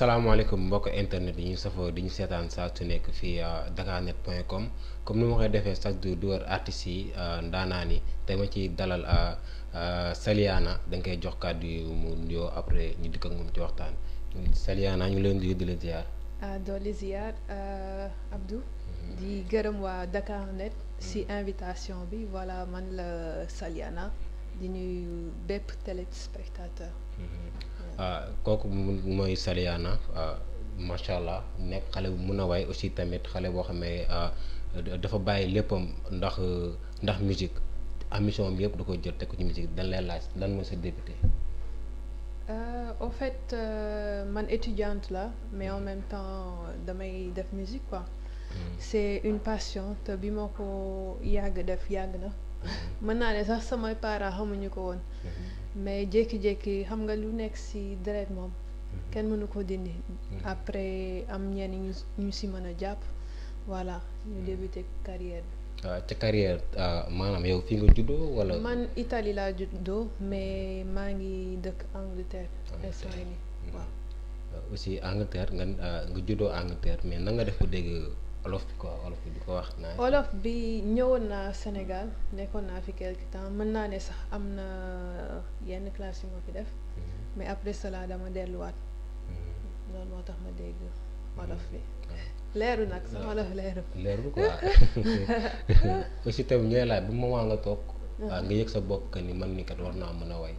salaamaaleykum mbokk internet yi ñu safoo di ñu seetaan saa su nekk fii euh, dakarnet point com comme ni ma koy defee chaque jour di wër artistes yi euh, ndaanaan yi te ma ciy dalal euh, Saliana dañ koy jox kàddu yu mu nuyoo après ñu dikk moom ci waxtaan Saliana ñu leen di di la ziar. Ah, doole Abdou. Mhm. di gërëm waa dakarnet si mhm. invitation bi voilà man la Saliana di nuyu bépp téléspectateur. Mhm. ah kooku mooy Saliana euh, macha allah nekk xale bu mun a waay aussi tamit xale boo xam ne euh, dafa bàyyi léppam ndax ndax musique ambition am du ko jël teg ko ci musique dañ lay laaj dan mooy sa débuté. en fait man étudiante la mais en même temps damay def musique quoi. Hmm. c'est une passion te bi ma ko yàgg def yàgg na. Hmm. mën naa ne sax samay parent xamuñu ko woon. Hmm. mais jékki-jékki xam nga lu nekk ci deret moom mhm. kenn mënu ko dindi mhm. après am ñenn ñu ñu ci mën a jàpp voilà ñu mhm. débuté carrière bi waaw ah, ca carrière ah, maanaam yow fi nga juddoo wala. man Italie laa juddoo mais maa ngi dëkk Angleterre. Angleterre waaw. Ah, aussi Angleterre nga nga juddoo Angleterre mais nan nga def ko dégg. olof bi quoi ko wax naa. olof bi ñëwoon naa Sénégal nekkoon naa fi quelque temps mën naa ne sax am na yenn classe yu ma fi def mhm. mais après cela dama delluwaat mhm. loolu moo tax ma dégg mhm. olof bi. leeru nag sa olof leeru. leeru quoi aussi tamit ñooy laaj bu moment nga toog. waaw nga yëg sa bopp que ni man ni kat war naa mën a way.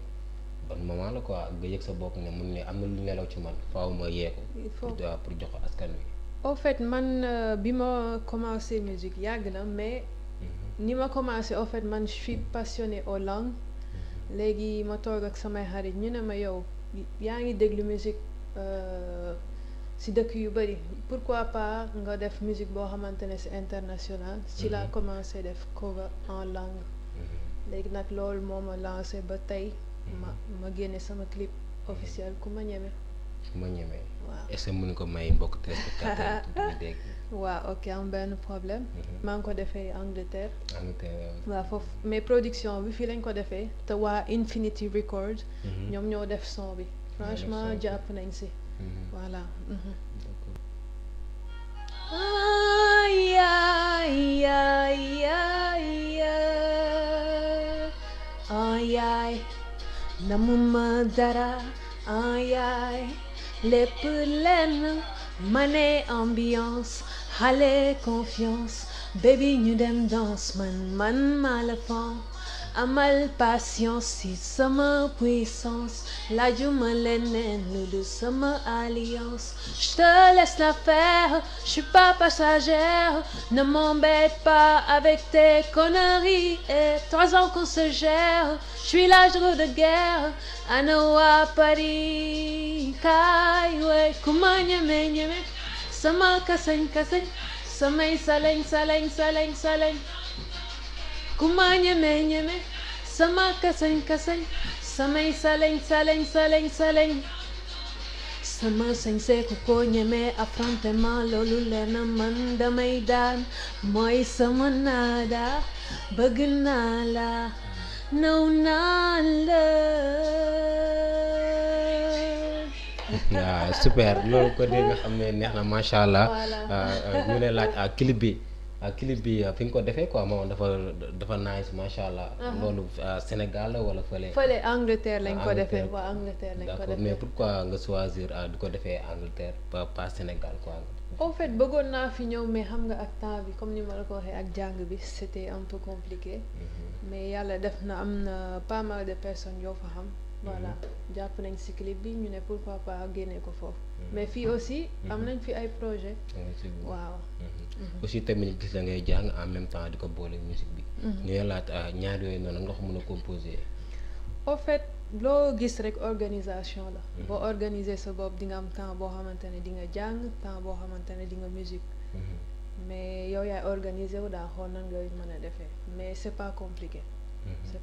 kon moment la ko nga yëg sa bopp ne mun ne am na lu nelaw ci man faaw ma yeeku. il faut pour jox askan wi. au fait man euh, bi ma commencé musique yàgg na mais mhm. ni ma commencé au man je suis passionnée aux mhm. léegi ma toog ak samay xarit ñu ne ma yow yaa ngi déglu musique euh, si dëkk yu bëri pourquoi pas nga def musique boo xamante ne c'est international ci laa mhm. commencé def cover en langue léegi nag loolu moo ma lancé ba tey ma ma génne sama clip officiel ku ma ñeme su ma ñemee. waaw est-ce ko may mbokk téléspectateur yi dégg. waaw ok am benn problème. maa ngi ko defee Angleterre. Angleterre waaw foofu mais production bi fii lañ ko defee te waa Infinity Record. ñoom ñoo def son bi. franchement jàpp nañ si. voilà. namuma dara ay lépp lenn mané ambiance xale confiance baby ñu dem danse man man maa la fan amal patience si sama puissance laajuma leneen sama alliance je te laisse la faire je pas passagère ne m'embête pas avec tes conneries et trois ans qu'on je suis de guerre anawa pari kay wey kuma ñeme ñeme sama kasañ kasañ samay salañ salañ salañ salañ ku ma ñeme ñeme sama kasañ kasañ samay saleñ saleñ saleñ saleñ sama sañse ku ko ñeme affrontement loolu leena man damay daan mooy sama naada bëgg naa la naw naa la waaw super loolu ko dégg nga xam ne neex na macha allah ah, ah, ñu ne laaj a ah, bi Ah, clip bi ah, fi nga ko defee quoi moom dafa dafa nice macha allah. Uh-huh. loolu ah, Sénégal la wala fële. fële Angleterre lañ ko defee waaw Angleterre lañ ko defee d'accord mais pourquoi nga choisir di ko defee Angleterre pas pas Sénégal quoi. en fait bëggoon naa fi ñëw mais xam nga ak temps bi comme ni ma la ko waxee ak jàng bi c'était un peu compliqué. Mm-hmm. mais yàlla def na am na pas mal de personne yoo fa xam. voilà mhm. jàpp nañ si clip bi ñu ne pourquoi pas génne ko foofu. Mhm. mais fii mhm. aussi. am nañ fi ay projet waaw. aussi tamit gis la ngay jàng en même temps di ko boole musique bi. ñu yàllaat ah, ñaar yooyu noonu nga ko mën a composer. au fait loo gis rek organisation la. boo organiser sa bopp di nga am temps boo xamante ne di nga jàng temps boo xamante ne di nga musique. mais yow yaay organiser wu daa xool nan nga mën a defee mais c'est pas compliqué. Mhm. c'est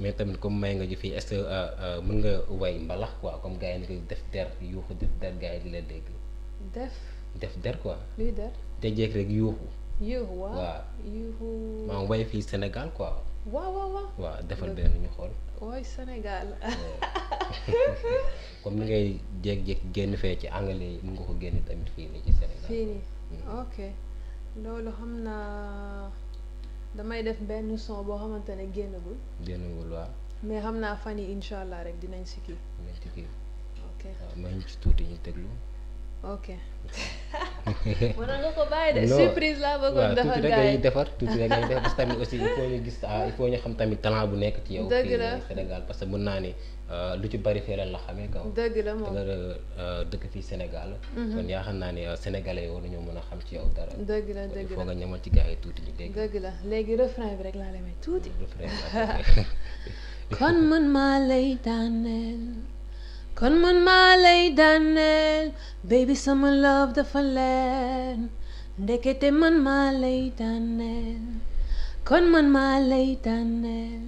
mais tamit comme may nga ji fi est-ce que euh, euh, mën nga way mbalax quoi comme gars yi nga def der yuuxu def der gars yi di la dégg. def der quoi. luy der te jékki rek yuuxu. yuuxu waaw waaw yuuxu. maa way fii Sénégal quoi. waaw waaw waaw. defal benn ñu xool. woy Sénégal. comme ni ngay jékki-jékki génn fee ci anglais yi nga ko génn tamit fii nii ci Sénégal. fii nii mm. ok loolu xam naa. damay def benn son boo xamante ne génnagul. génnagul waaw. mais xam naa fan yi incha allah rek dinañ si dinañ si kii. waaw ma ñu ci tuuti ñu teglu. ok. mën na nga ko bàyyi de surprise laa bëggoon defar gars yi tuuti rek defar tuuti rek ngay defar parce que tamit aussi il faut ñu gis il faut ñu xam tamit talent bu nekk ci yow. dëgg la fii la xamee kaw. dëgg la moom nga dëkk fii Sénégal. kon yaa xam naa ne sénégalais war nañoo a xam ci yow dara. dëgg la dëgg la foo nga ñamal ci gars yi la léegi refrain bi rek laa lay tuuti. kon man maa lay daaneel. kon man maa lay daaneel baby sama love dafa leen ndekete man maa lay daaneel kon man maa lay daaneel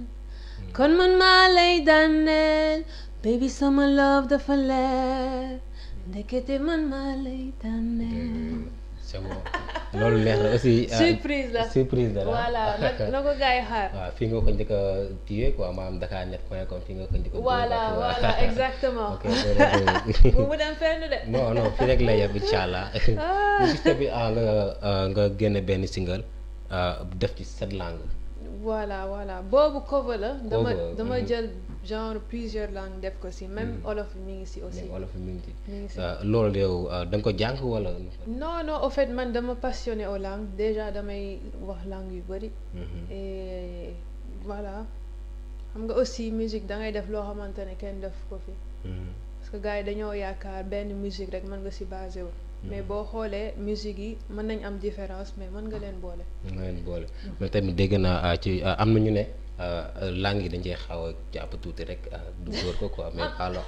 kon man maa lay daaneel baby sama love dafa leen ndekete man maa lay daaneel c'est bon loolu neex na ah, surprise la surprise la na ko gars xaar. waaw ah, fii nga ko njëkk a tiye quoi maanaam Dakarnet point com fii nga ko njëkk a. voilà voilà ah. exactement. ok mu dem fenn de. non non fii rek la yem incha nga nga benn single def ci sept langues. voilà voilà boobu cover la. dama dama mm-hmm. jël. genre plusieurs langues def ko si même hmm. olof mi ngi si aussi olof mi ngi si euh, loolu yow euh, da nga ko jàng wala non non au fait man dama passionné au langues déjà damay wax langue yu bëri hmm. et voilà xam nga aussi musique dangay def loo xamante ne kenn def ko fi hmm. parce que gars yi dañoo yaakaar benn musique rek man nga si basé wu mais boo xoolee musique yi mën nañ am différence mais mën nga leen boole mën nga leen boole mais tamit dégg naa euh, ci am na ñu ne Euh, euh, langue yi dañ cee xaw a jàpp tuuti rek euh, du góor ko quoi mais ah. alors.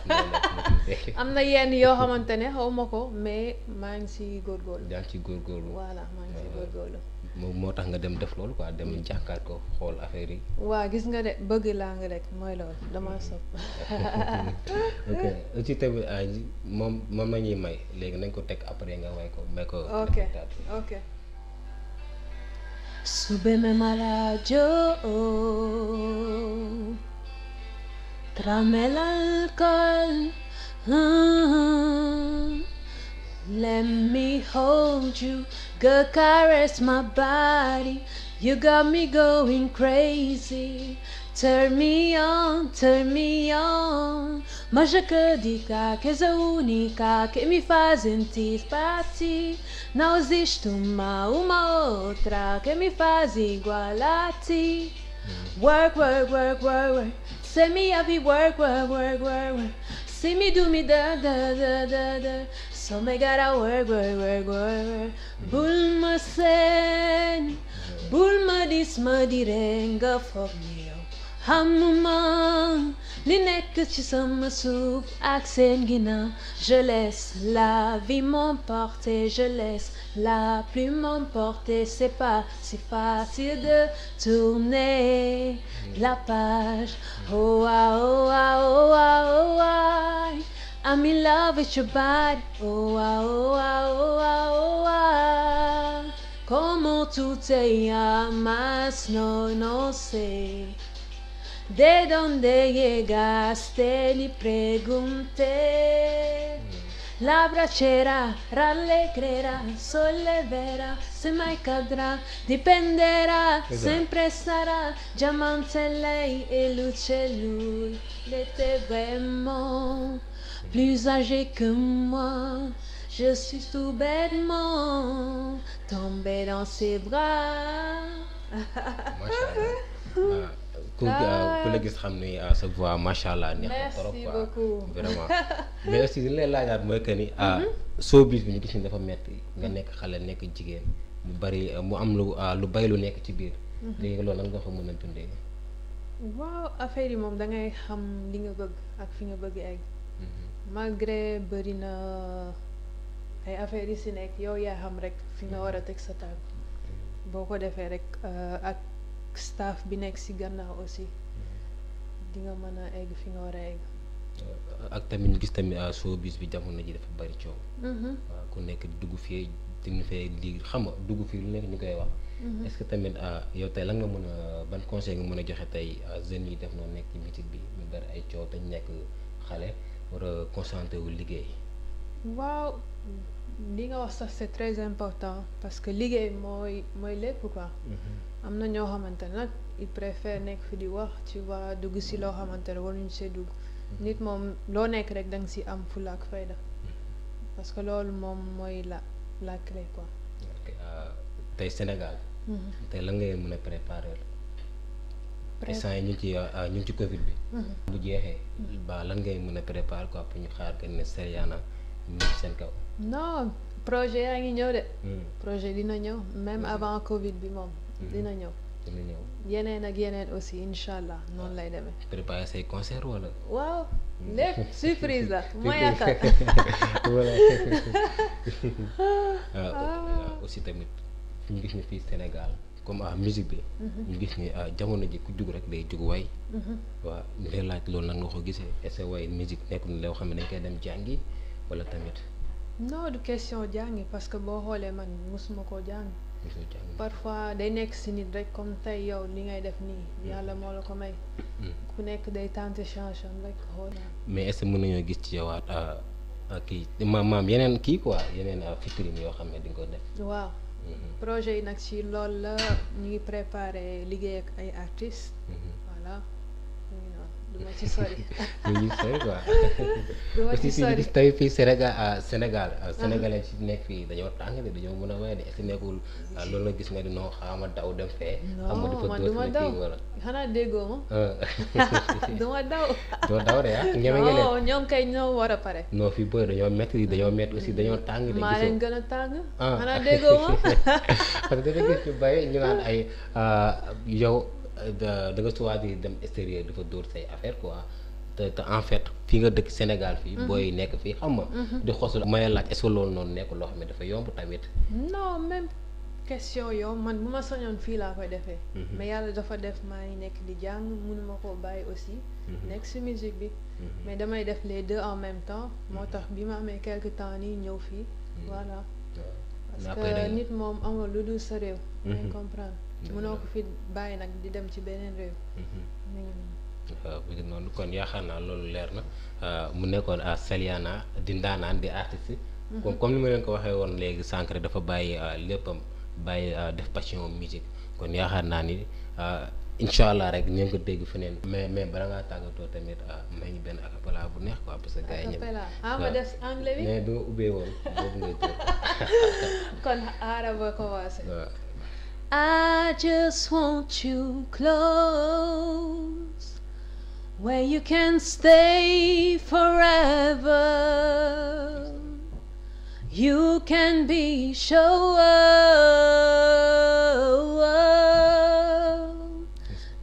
am na yenn yoo xamante ne xaw ma ko mais maa ngi si góorgóorlu. yaa ngi si góorgóorlu voilà maa ngi si moo tax nga dem def loolu quoi dem mm. jàkkaar ko xool affaire yi. waaw gis nga de bëgg lang rek mooy loolu dama mm. sopp. ok ci tamit ah, moom moom la ñuy may léegi nañ ko teg après nga way ko may ko. ok ok. Súbeme malayo, tráeme el alcohol. Mm-hmm. Let me hold you, body. You got me going crazy. turn me on, turn me on. Magia dica que és a única que me faz sentir para ti. Não existe uma, uma outra que me faz igual a ti. Work, work, work, work, work. Se me have work, work, work, work, work. Se me do me da, da, da, da, da. So me gotta work, work, work, work, work. Bulma sen, bulma disma direnga for me. xamuma nekk ci sama suuf ak seen ginnaaw je laisse la vie m'emporter je laisse la pluie m'emporter c'est pas si facile de tourner la page oh ah oh ah oh ah oh, ah. oh, ah, oh, ah, oh tout est à ma snow no, ¿De dónde llegaste? Le pregunté. La brachera, ralegrera, sollevera, se mai cadrà, dipenderà, sempre sarà, diamante lei e luce lui. Le était vraiment plus âgé que moi. Je suis tout bêtement dans ses bras. ku ku ah, la gis xam ni ah, sa voix macha allah neex na trop quoi que ni ah, mhm. showbiz bi ñu gis ni dafa metti nga nekk xale nekk jigéen mu bari mu am lu lu bay lu nekk ci biir mhm. léegi loolu nan nga ko mën a dundee waaw affaire yi moom dangay xam li nga bëgg ak fi nga bëgg egg mhm. malgré bari na ay affaires yi si nekk yow yaa xam rek fi nga war a teg sa tànk boo ko defee rek ak staff bi nekk si gannaaw aussi mm-hmm. di nga mën a egg fi nga war a egg. Uh, ak tamit gis tamit uh, showbiz bi jamono ji dafa bari coow. waaw mm-hmm. uh, ku nekk dugg fii nu fee lii xam nga dugg fii lu nekk ñu koy wax. Mm-hmm. est que tamit yow tey la nga mën a ban conseil nga mën a joxe tey jeunes yi def noonu nekk ci métier bi ñu bari ay coow te nekk xale war a concentré wu liggéey. waaw. li nga wax sax c'est très important parce que liggéey mooy mooy lépp ko mm-hmm. am na ñoo xamante nag il préfère nekk fi di wax ci vois dugg si loo xamante ne waruñu see dugg. Mm-hmm. nit moom loo nekk rek da nga si am fulla fay fayda mm-hmm. parce que loolu moom mooy la la clé quoi. Euh, tey Sénégal. tey lan ngay mun a préparer. instant yi ñu ci euh, ñu ci Covid bi. bu jeexee. ba lan ngay mën a prépare quoi pour ñu xaar que ne Serigne ñu ngi seen kaw. non projet yaa ngi ñëw de. Hmm. projet dina ñëw même hmm. avant Covid bi moom. dina ñëw. dina ñëw yeneen ak yeneen aussi incha allah noonu lay demee. Ah, préparer say concert wala. waaw hmm. lépp surprise la ma yaakaar. voilà ah, ah. aussi tamit ñu gis ne fii Sénégal comme ah musique bi. Mhm. ñu gis ne ah jamono ji ku jug rek day jug way. Mhm. waaw ñu lay laaj loolu nan nga ko gisee est-ce que way musique loo xam ne dañ koy dem jàngi. wala tamit. non du question jàngi parce que boo xoolee man mosuma koo jàng. parfois day nekk si nit rek comme tey yow li ngay def nii. Mm. yàlla moo la ko may. Mm. ku nekk day tenter change am rek xool. mais est ce que nañoo gis ci yow at ah, ah, kii maam maam yeneen kii quoi yeneen vitrine ah, yoo xam ne di nga ko def. waaw. Mm-hmm. projet yi nag ci loolu la ñu ngi préparé liggéey ak ay artistes. Mm-hmm. voilà. du ci sori. du ci sori aussi fii Sénégal Sénégal. sénégalais ci nekk fii dañoo tàng de dañoo mën a may de est ce loolu la gis nga di non xaama daw dem fee. xam nga du daw xanaa daw. de ah ñeme nga leen ñoom kay ñoo war a pare. non fii booy dañoo métti dañoo métti aussi dañoo tàng de. maa leen gën a tàng. xanaa déggoo ma. parce que da nga gis ay yow. da nga tubaab bi dem extérieur dafa dóor say affaire quoi te te en fait fi nga dëkk Sénégal fii. Mhm. booy nekk fii xam nga. Mhm. di xosul may laaj est-ce que loolu noonu nekk loo xam ne dafa yomb tamit. non même question yow man bu ma soñoon fii laa koy defee. Mhm. mais yàlla dafa def maa ngi nekk di jàng mënuma koo bàyyi aussi. nekk si musique bi. mais damay def les deux en même temps moo tax bi ma amee quelque temps nii ñëw fii. voilà parce que nit moom amul lu dul sa réew. comprendre. Mm-hmm. mënoo ko fi bàyyi nag di dem ci beneen réew. Mm-hmm. kon yaakaar naa loolu leer na ah, mu nekkoon à ah, Saliana di ndaanaan di artiste. Mm-hmm. comme comme ni ma leen ko waxee woon léegi Sancré dafa bàyyi ah, léppam bàyyi def passion musique kon yaakaar naa ni incha allah rek ñu ko dégg feneen. mais mais bala tàggatoo tamit may ñu benn acapella bu neex quoi parce que gars yi ñëpp. ubbee woon boobu ngay kon aara ba commencé. waaw. I just want you close, where you can stay forever. You can be sure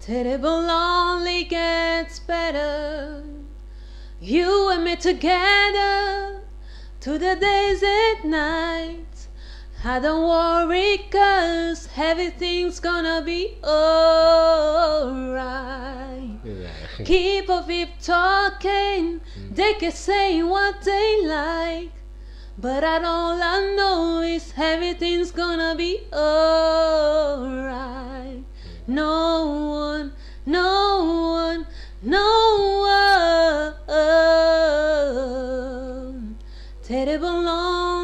terrible only gets better. You and together to the days at night. I don't worry cause everything's gonna be alright. Yeah. Keep on keep talking, mm. can say what they like. But I, all I know is everything's mm. No one, no one, one. Terrible long.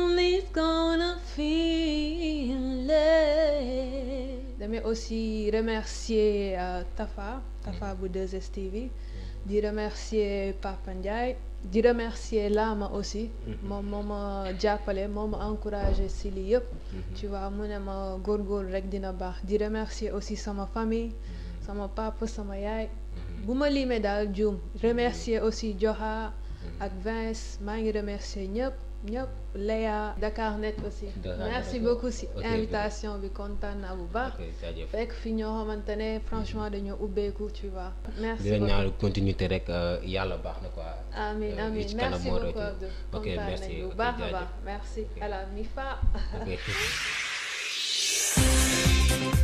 aussi remercier euh, Tafa Tafa mhm. bu 2STV mhm. di remercier Papa di remercier ma aussi mhm. moom moo ma jàppale moo ma encouragé si lii yëpp tu vois mu ne ma góor góorgóorlu rek dina baax di remercier aussi sama famille sama papa sama yaay bu ma limee daal juum remercier aussi Joxa ak Vince maa ngi remercier ñëpp ñëpp Léa dakaar Net aussi ah, merci beaucoup si invitation bi kontaan naa bu baax fekk fi ñoo xamante ne franchement mm-hmm. dañoo ubbeeku ci vois merci beaucoup continuité rek euh, yàlla baax na ko amiin euh, merci beaucoup Abdou kontaan nañ bu baax a baax merci à la fa